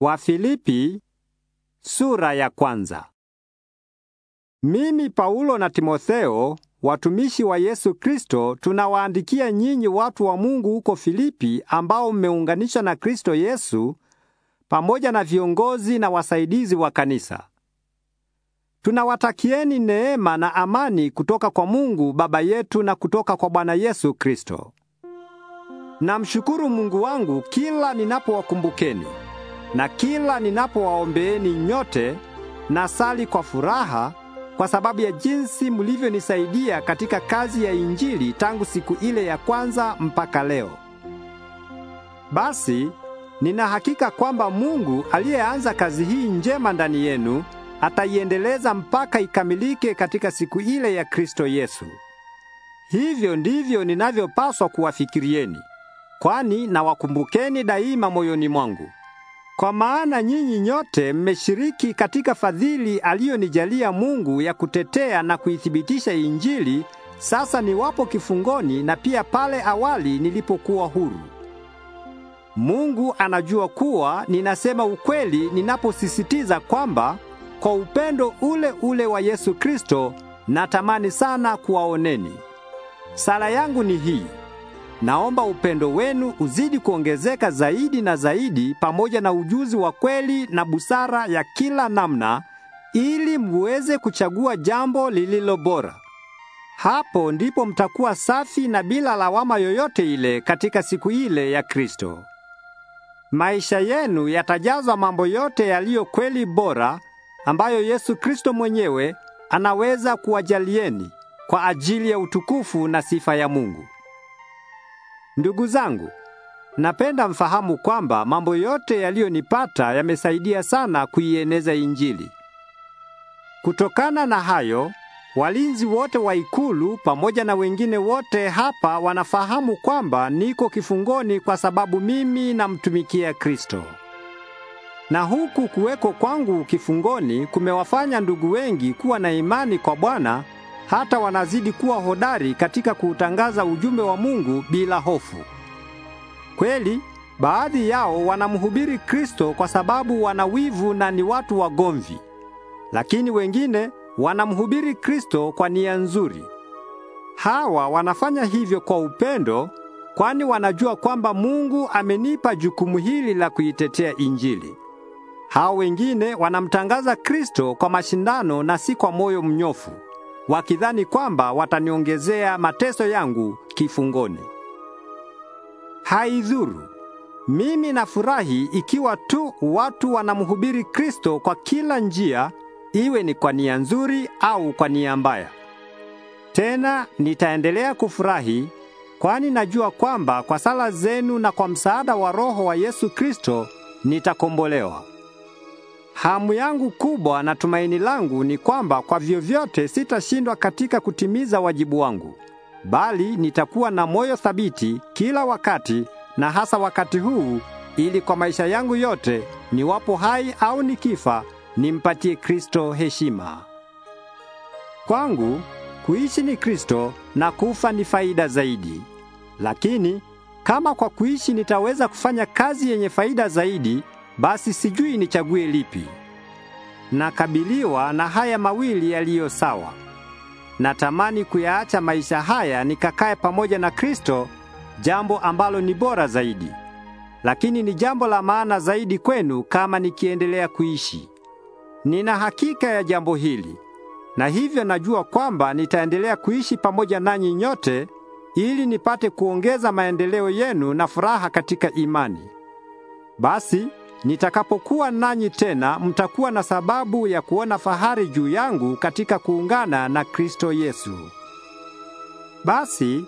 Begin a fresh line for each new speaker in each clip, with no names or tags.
Wafilipi sura ya kwanza. Mimi Paulo na Timotheo watumishi wa Yesu Kristo tunawaandikia nyinyi watu wa Mungu huko Filipi ambao mmeunganisha na Kristo Yesu pamoja na viongozi na wasaidizi wa kanisa. Tunawatakieni neema na amani kutoka kwa Mungu Baba yetu na kutoka kwa Bwana Yesu Kristo. Namshukuru Mungu wangu kila ninapowakumbukeni na kila ninapowaombeeni nyote nasali kwa furaha kwa sababu ya jinsi mlivyonisaidia katika kazi ya Injili tangu siku ile ya kwanza mpaka leo. Basi nina hakika kwamba Mungu aliyeanza kazi hii njema ndani yenu ataiendeleza mpaka ikamilike katika siku ile ya Kristo Yesu. Hivyo ndivyo ninavyopaswa kuwafikirieni, kwani nawakumbukeni daima moyoni mwangu. Kwa maana nyinyi nyote mmeshiriki katika fadhili aliyonijalia Mungu ya kutetea na kuithibitisha Injili sasa niwapo kifungoni na pia pale awali nilipokuwa huru. Mungu anajua kuwa ninasema ukweli ninaposisitiza kwamba kwa upendo ule ule wa Yesu Kristo natamani sana kuwaoneni. Sala yangu ni hii. Naomba upendo wenu uzidi kuongezeka zaidi na zaidi, pamoja na ujuzi wa kweli na busara ya kila namna, ili muweze kuchagua jambo lililo bora. Hapo ndipo mtakuwa safi na bila lawama yoyote ile katika siku ile ya Kristo. Maisha yenu yatajazwa mambo yote yaliyo kweli bora ambayo Yesu Kristo mwenyewe anaweza kuwajalieni kwa ajili ya utukufu na sifa ya Mungu. Ndugu zangu, napenda mfahamu kwamba mambo yote yaliyonipata yamesaidia sana kuieneza Injili. Kutokana na hayo, walinzi wote wa ikulu pamoja na wengine wote hapa wanafahamu kwamba niko kifungoni kwa sababu mimi namtumikia Kristo. Na huku kuweko kwangu kifungoni kumewafanya ndugu wengi kuwa na imani kwa Bwana hata wanazidi kuwa hodari katika kuutangaza ujumbe wa Mungu bila hofu. Kweli, baadhi yao wanamhubiri Kristo kwa sababu wana wivu na ni watu wagomvi. Lakini wengine wanamhubiri Kristo kwa nia nzuri. Hawa wanafanya hivyo kwa upendo kwani wanajua kwamba Mungu amenipa jukumu hili la kuitetea Injili. Hao wengine wanamtangaza Kristo kwa mashindano na si kwa moyo mnyofu wakidhani kwamba wataniongezea mateso yangu kifungoni. Haidhuru, mimi nafurahi ikiwa tu watu wanamhubiri Kristo kwa kila njia, iwe ni kwa nia nzuri au kwa nia mbaya. Tena nitaendelea kufurahi, kwani najua kwamba kwa sala zenu na kwa msaada wa Roho wa Yesu Kristo nitakombolewa. Hamu yangu kubwa na tumaini langu ni kwamba kwa vyovyote sitashindwa katika kutimiza wajibu wangu, bali nitakuwa na moyo thabiti kila wakati na hasa wakati huu, ili kwa maisha yangu yote, niwapo hai au nikifa, nimpatie Kristo heshima. Kwangu kuishi ni Kristo na kufa ni faida zaidi. Lakini kama kwa kuishi nitaweza kufanya kazi yenye faida zaidi basi sijui nichague lipi. Nakabiliwa na haya mawili yaliyo sawa. Natamani kuyaacha maisha haya nikakae pamoja na Kristo, jambo ambalo ni bora zaidi. Lakini ni jambo la maana zaidi kwenu kama nikiendelea kuishi. Nina hakika ya jambo hili. Na hivyo najua kwamba nitaendelea kuishi pamoja nanyi nyote ili nipate kuongeza maendeleo yenu na furaha katika imani. Basi Nitakapokuwa nanyi tena, mtakuwa na sababu ya kuona fahari juu yangu katika kuungana na Kristo Yesu. Basi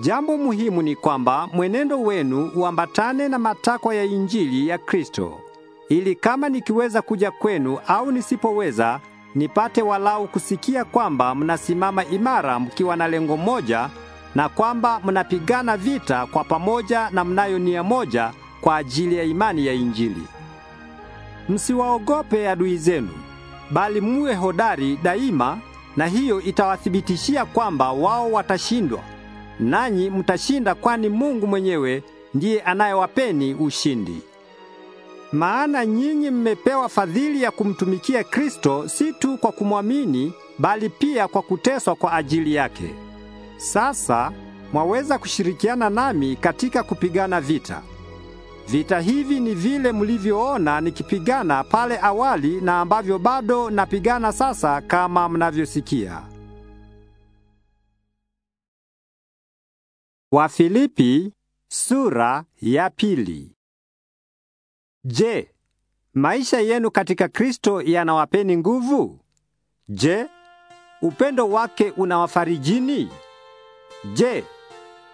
jambo muhimu ni kwamba mwenendo wenu uambatane na matakwa ya Injili ya Kristo, ili kama nikiweza kuja kwenu au nisipoweza, nipate walau kusikia kwamba mnasimama imara mkiwa na lengo moja na kwamba mnapigana vita kwa pamoja na mnayo nia moja kwa ajili ya imani ya Injili. Msiwaogope adui zenu, bali muwe hodari daima, na hiyo itawathibitishia kwamba wao watashindwa, nanyi mtashinda, kwani Mungu mwenyewe ndiye anayewapeni ushindi. Maana nyinyi mmepewa fadhili ya kumtumikia Kristo, si tu kwa kumwamini, bali pia kwa kuteswa kwa ajili yake. Sasa mwaweza kushirikiana nami katika kupigana vita. Vita hivi ni vile mlivyoona nikipigana pale awali na ambavyo bado napigana sasa kama mnavyosikia. Wafilipi sura ya pili. Je, maisha yenu katika Kristo yanawapeni nguvu? Je, upendo wake unawafarijini? Je,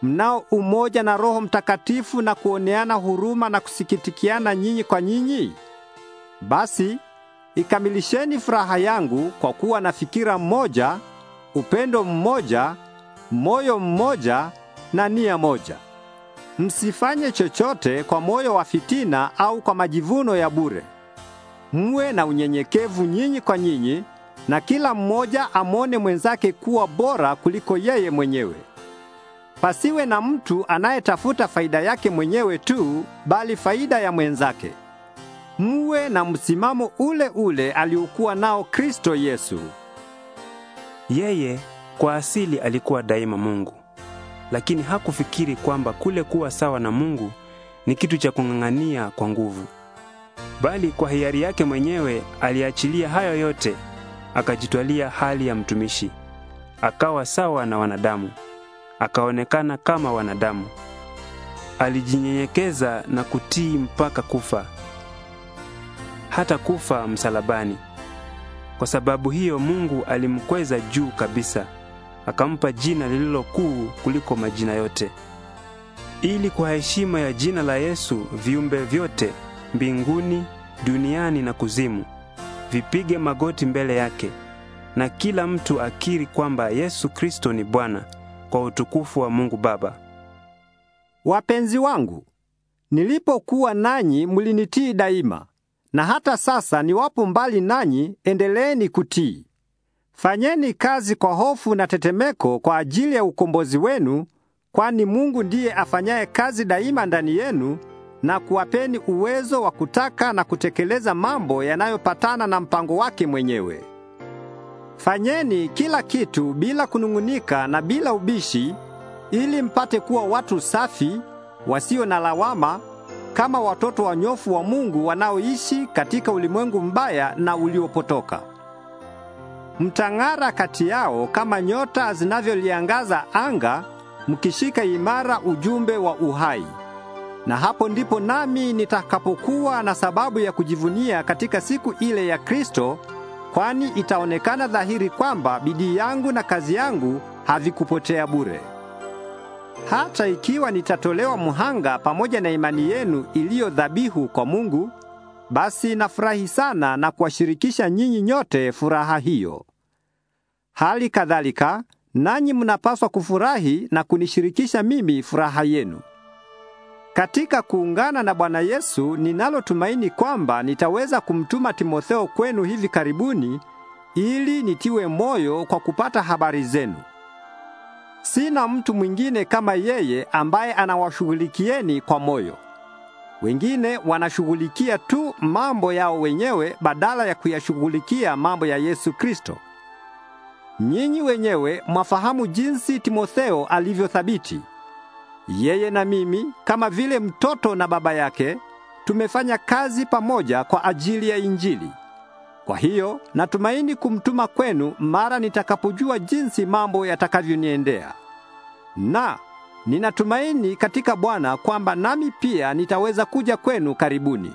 mnao umoja na Roho Mtakatifu na kuoneana huruma na kusikitikiana nyinyi kwa nyinyi? Basi ikamilisheni furaha yangu kwa kuwa na fikira mmoja, upendo mmoja, moyo mmoja na nia moja. Msifanye chochote kwa moyo wa fitina au kwa majivuno ya bure. Mwe na unyenyekevu nyinyi kwa nyinyi, na kila mmoja amwone mwenzake kuwa bora kuliko yeye mwenyewe. Pasiwe na mtu anayetafuta faida yake mwenyewe tu, bali faida ya mwenzake. Muwe na msimamo ule ule aliokuwa nao Kristo Yesu. Yeye kwa asili alikuwa daima Mungu, lakini hakufikiri kwamba kule kuwa sawa na Mungu ni kitu cha kung'ang'ania kwa nguvu, bali kwa hiari yake mwenyewe aliachilia hayo yote, akajitwalia hali ya mtumishi, akawa sawa na wanadamu akaonekana kama wanadamu. Alijinyenyekeza na kutii mpaka kufa, hata kufa msalabani. Kwa sababu hiyo Mungu alimkweza juu kabisa, akampa jina lililo kuu kuliko majina yote, ili kwa heshima ya jina la Yesu viumbe vyote mbinguni, duniani na kuzimu vipige magoti mbele yake na kila mtu akiri kwamba Yesu Kristo ni Bwana kwa utukufu wa Mungu Baba. Wapenzi wangu, nilipokuwa nanyi mlinitii daima, na hata sasa niwapo mbali nanyi, endeleeni kutii. Fanyeni kazi kwa hofu na tetemeko kwa ajili ya ukombozi wenu, kwani Mungu ndiye afanyaye kazi daima ndani yenu na kuwapeni uwezo wa kutaka na kutekeleza mambo yanayopatana na mpango wake mwenyewe. Fanyeni kila kitu bila kunung'unika na bila ubishi, ili mpate kuwa watu safi, wasio na lawama, kama watoto wanyofu wa Mungu wanaoishi katika ulimwengu mbaya na uliopotoka. Mtang'ara kati yao kama nyota zinavyoliangaza anga, mkishika imara ujumbe wa uhai. Na hapo ndipo nami nitakapokuwa na sababu ya kujivunia katika siku ile ya Kristo kwani itaonekana dhahiri kwamba bidii yangu na kazi yangu havikupotea bure. Hata ikiwa nitatolewa mhanga pamoja na imani yenu iliyo dhabihu kwa Mungu, basi nafurahi sana na kuwashirikisha nyinyi nyote furaha hiyo. Hali kadhalika, nanyi mnapaswa kufurahi na kunishirikisha mimi furaha yenu. Katika kuungana na Bwana Yesu ninalotumaini kwamba nitaweza kumtuma Timotheo kwenu hivi karibuni ili nitiwe moyo kwa kupata habari zenu. Sina mtu mwingine kama yeye ambaye anawashughulikieni kwa moyo. Wengine wanashughulikia tu mambo yao wenyewe badala ya kuyashughulikia mambo ya Yesu Kristo. Nyinyi wenyewe mwafahamu jinsi Timotheo alivyothabiti. Yeye na mimi kama vile mtoto na baba yake tumefanya kazi pamoja kwa ajili ya Injili. Kwa hiyo natumaini kumtuma kwenu mara nitakapojua jinsi mambo yatakavyoniendea. Na ninatumaini katika Bwana kwamba nami pia nitaweza kuja kwenu karibuni.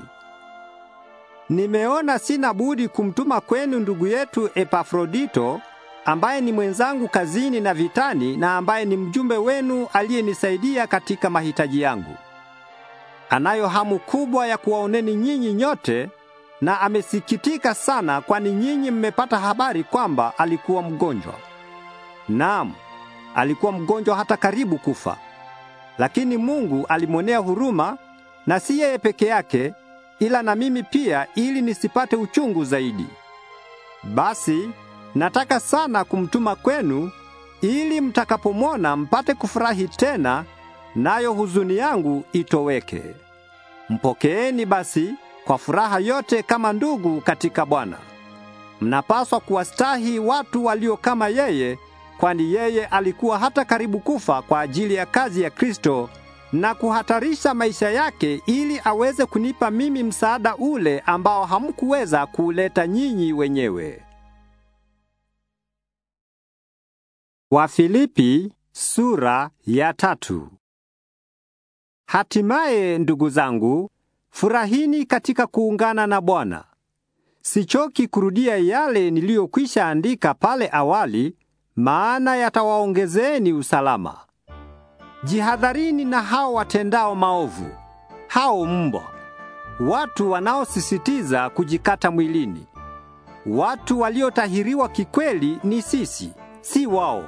Nimeona sina budi kumtuma kwenu ndugu yetu Epafrodito ambaye ni mwenzangu kazini na vitani na ambaye ni mjumbe wenu aliyenisaidia katika mahitaji yangu. Anayo hamu kubwa ya kuwaoneni nyinyi nyote na amesikitika sana kwani nyinyi mmepata habari kwamba alikuwa mgonjwa. Naam, alikuwa mgonjwa hata karibu kufa. Lakini Mungu alimwonea huruma na si yeye peke yake ila na mimi pia ili nisipate uchungu zaidi. Basi Nataka sana kumtuma kwenu ili mtakapomwona mpate kufurahi tena, nayo huzuni yangu itoweke. Mpokeeni basi kwa furaha yote kama ndugu katika Bwana. Mnapaswa kuwastahi watu walio kama yeye, kwani yeye alikuwa hata karibu kufa kwa ajili ya kazi ya Kristo na kuhatarisha maisha yake ili aweze kunipa mimi msaada ule ambao hamkuweza kuuleta nyinyi wenyewe. Wafilipi sura ya tatu. Hatimaye ndugu zangu, furahini katika kuungana na Bwana. Sichoki kurudia yale niliyokwisha andika pale awali, maana yatawaongezeni usalama. Jihadharini na hao watendao maovu, hao mbwa, watu wanaosisitiza kujikata mwilini. Watu waliotahiriwa kikweli ni sisi, si wao.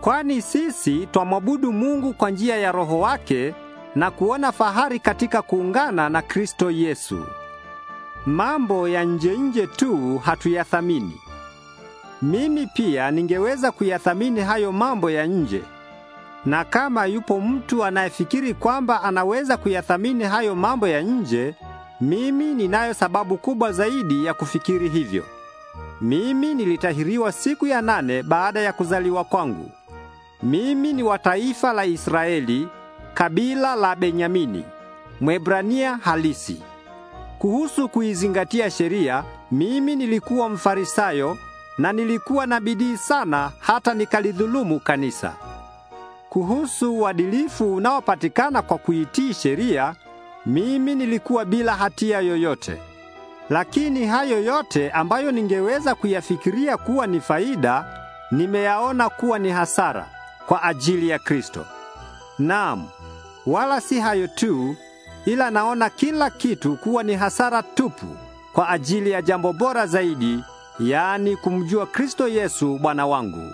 Kwani sisi twamwabudu Mungu kwa njia ya Roho wake na kuona fahari katika kuungana na Kristo Yesu. Mambo ya nje nje tu hatuyathamini. Mimi pia ningeweza kuyathamini hayo mambo ya nje. Na kama yupo mtu anayefikiri kwamba anaweza kuyathamini hayo mambo ya nje, mimi ninayo sababu kubwa zaidi ya kufikiri hivyo. Mimi nilitahiriwa siku ya nane baada ya kuzaliwa kwangu. Mimi ni wa taifa la Israeli, kabila la Benyamini, Mwebrania halisi. Kuhusu kuizingatia sheria, mimi nilikuwa Mfarisayo na nilikuwa na bidii sana hata nikalidhulumu kanisa. Kuhusu uadilifu unaopatikana kwa kuitii sheria, mimi nilikuwa bila hatia yoyote. Lakini hayo yote ambayo ningeweza kuyafikiria kuwa ni faida, nimeyaona kuwa ni hasara kwa ajili ya Kristo. Naam, wala si hayo tu, ila naona kila kitu kuwa ni hasara tupu kwa ajili ya jambo bora zaidi, yaani kumjua Kristo Yesu Bwana wangu.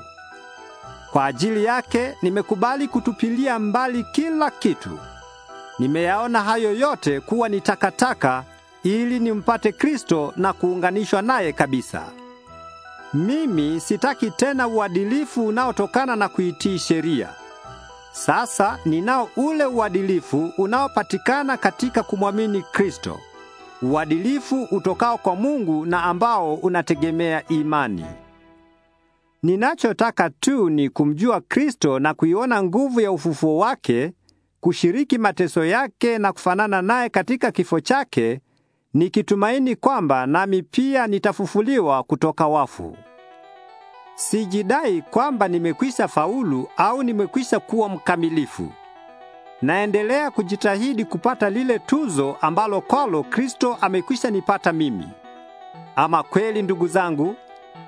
Kwa ajili yake nimekubali kutupilia mbali kila kitu. Nimeyaona hayo yote kuwa ni takataka ili nimpate Kristo na kuunganishwa naye kabisa. Mimi sitaki tena uadilifu unaotokana na kuitii sheria. Sasa ninao ule uadilifu unaopatikana katika kumwamini Kristo, uadilifu utokao kwa Mungu na ambao unategemea imani. Ninachotaka tu ni kumjua Kristo na kuiona nguvu ya ufufuo wake, kushiriki mateso yake na kufanana naye katika kifo chake nikitumaini kwamba nami pia nitafufuliwa kutoka wafu. Sijidai kwamba nimekwisha faulu au nimekwisha kuwa mkamilifu. Naendelea kujitahidi kupata lile tuzo ambalo kwalo Kristo amekwisha nipata mimi. Ama kweli, ndugu zangu,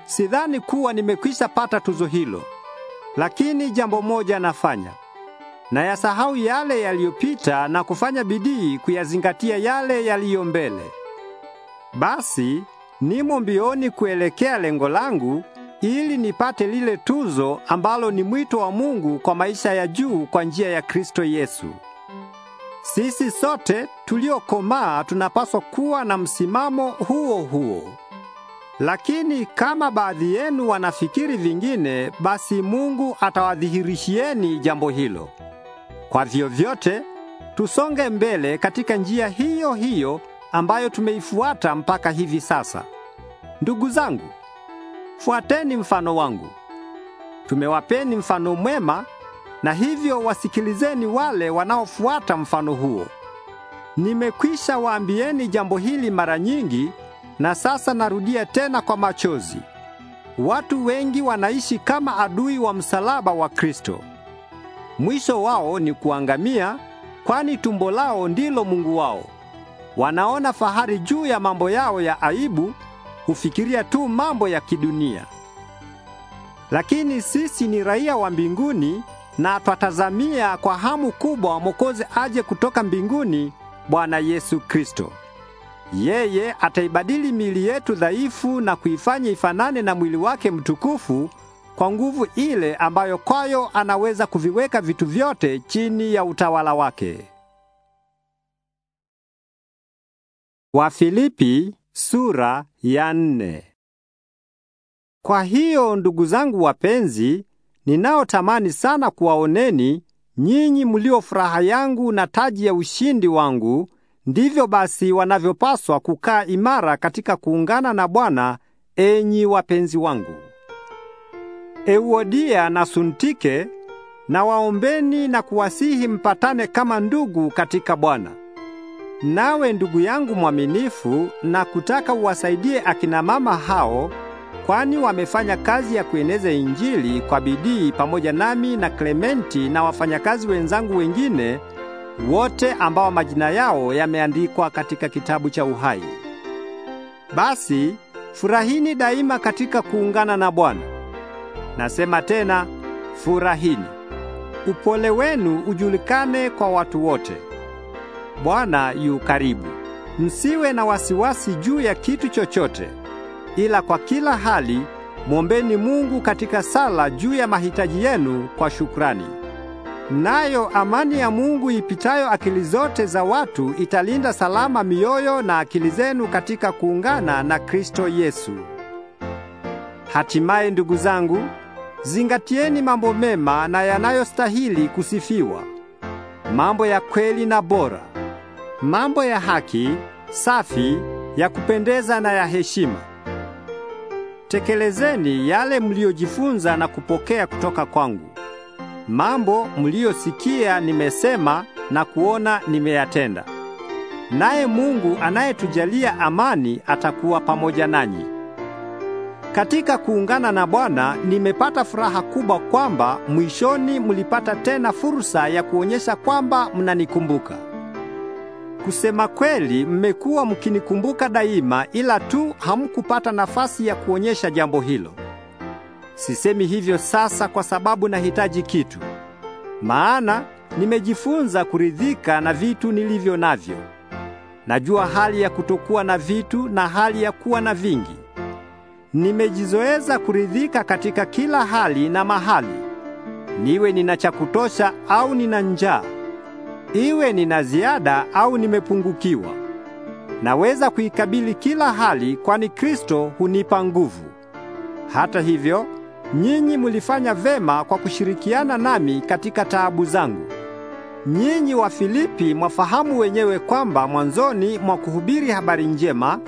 sidhani kuwa nimekwisha pata tuzo hilo. Lakini jambo moja nafanya. Nayasahau yale yaliyopita na kufanya bidii kuyazingatia yale yaliyo mbele. Basi nimo mbioni kuelekea lengo langu ili nipate lile tuzo ambalo ni mwito wa Mungu kwa maisha ya juu kwa njia ya Kristo Yesu. Sisi sote tuliokomaa tunapaswa kuwa na msimamo huo huo. Lakini kama baadhi yenu wanafikiri vingine, basi Mungu atawadhihirishieni jambo hilo. Kwa vyovyote, tusonge mbele katika njia hiyo hiyo ambayo tumeifuata mpaka hivi sasa. Ndugu zangu, fuateni mfano wangu. Tumewapeni mfano mwema na hivyo wasikilizeni wale wanaofuata mfano huo. Nimekwisha waambieni jambo hili mara nyingi na sasa narudia tena kwa machozi. Watu wengi wanaishi kama adui wa msalaba wa Kristo. Mwisho wao ni kuangamia, kwani tumbo lao ndilo Mungu wao. Wanaona fahari juu ya mambo yao ya aibu, hufikiria tu mambo ya kidunia. Lakini sisi ni raia wa mbinguni na twatazamia kwa hamu kubwa Mwokozi aje kutoka mbinguni, Bwana Yesu Kristo. Yeye ataibadili miili yetu dhaifu na kuifanya ifanane na mwili wake mtukufu kwa nguvu ile ambayo kwayo anaweza kuviweka vitu vyote chini ya utawala wake. Wafilipi sura ya nne. Kwa hiyo ndugu zangu wapenzi, ninaotamani sana kuwaoneni nyinyi mlio furaha yangu na taji ya ushindi wangu, ndivyo basi wanavyopaswa kukaa imara katika kuungana na Bwana, enyi wapenzi wangu. Euodia na Suntike na waombeni na kuwasihi mpatane kama ndugu katika Bwana. Nawe ndugu yangu mwaminifu, na kutaka uwasaidie akina mama hao, kwani wamefanya kazi ya kueneza Injili kwa bidii pamoja nami na Klementi na wafanyakazi wenzangu wengine wote ambao majina yao yameandikwa katika kitabu cha uhai. Basi furahini daima katika kuungana na Bwana. Nasema tena, furahini. Upole wenu ujulikane kwa watu wote. Bwana yu karibu. Msiwe na wasiwasi juu ya kitu chochote, ila kwa kila hali mwombeni Mungu katika sala juu ya mahitaji yenu kwa shukrani. Nayo amani ya Mungu ipitayo akili zote za watu italinda salama mioyo na akili zenu katika kuungana na Kristo Yesu. Hatimaye, ndugu zangu, zingatieni mambo mema na yanayostahili kusifiwa, mambo ya kweli na bora mambo ya haki, safi, ya kupendeza na ya heshima. Tekelezeni yale mliyojifunza na kupokea kutoka kwangu. Mambo mliyosikia nimesema na kuona nimeyatenda. Naye Mungu anayetujalia amani atakuwa pamoja nanyi. Katika kuungana na Bwana nimepata furaha kubwa kwamba mwishoni mlipata tena fursa ya kuonyesha kwamba mnanikumbuka. Kusema kweli, mmekuwa mkinikumbuka daima, ila tu hamkupata nafasi ya kuonyesha jambo hilo. Sisemi hivyo sasa kwa sababu nahitaji kitu, maana nimejifunza kuridhika na vitu nilivyo navyo. Najua hali ya kutokuwa na vitu na hali ya kuwa na vingi. Nimejizoeza kuridhika katika kila hali na mahali, niwe nina cha kutosha au nina njaa iwe nina ziada au nimepungukiwa. Naweza kuikabili kila hali, kwani Kristo hunipa nguvu. Hata hivyo, nyinyi mulifanya vema kwa kushirikiana nami katika taabu zangu. Nyinyi wa Filipi mwafahamu wenyewe kwamba mwanzoni mwa kuhubiri habari njema,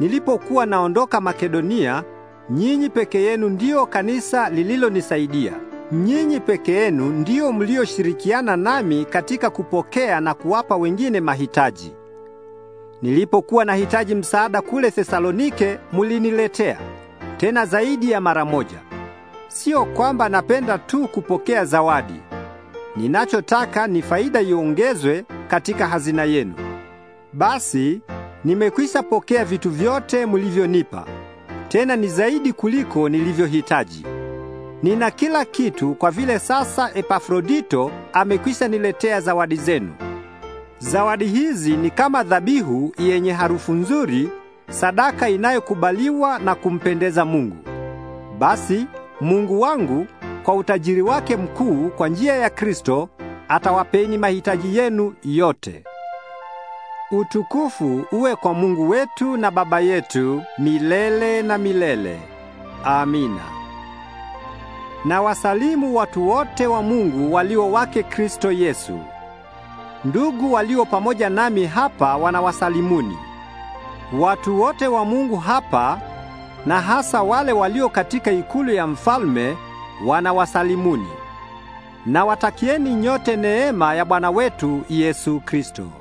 nilipokuwa naondoka Makedonia, nyinyi peke yenu ndiyo kanisa lililonisaidia. Nyinyi peke yenu ndiyo mlioshirikiana nami katika kupokea na kuwapa wengine mahitaji. Nilipokuwa nahitaji msaada kule Thesalonike, muliniletea tena zaidi ya mara moja. Sio kwamba napenda tu kupokea zawadi. Ninachotaka ni faida iongezwe katika hazina yenu. Basi nimekwisha pokea vitu vyote mulivyonipa. Tena ni zaidi kuliko nilivyohitaji. Nina kila kitu kwa vile sasa Epafrodito amekwisha niletea zawadi zenu. Zawadi hizi ni kama dhabihu yenye harufu nzuri, sadaka inayokubaliwa na kumpendeza Mungu. Basi Mungu wangu kwa utajiri wake mkuu kwa njia ya Kristo atawapeni mahitaji yenu yote. Utukufu uwe kwa Mungu wetu na Baba yetu milele na milele. Amina. Na wasalimu watu wote wa Mungu walio wake Kristo Yesu. Ndugu walio pamoja nami hapa wanawasalimuni. Watu wote wa Mungu hapa na hasa wale walio katika ikulu ya mfalme wanawasalimuni. Na watakieni nyote neema ya Bwana wetu Yesu Kristo.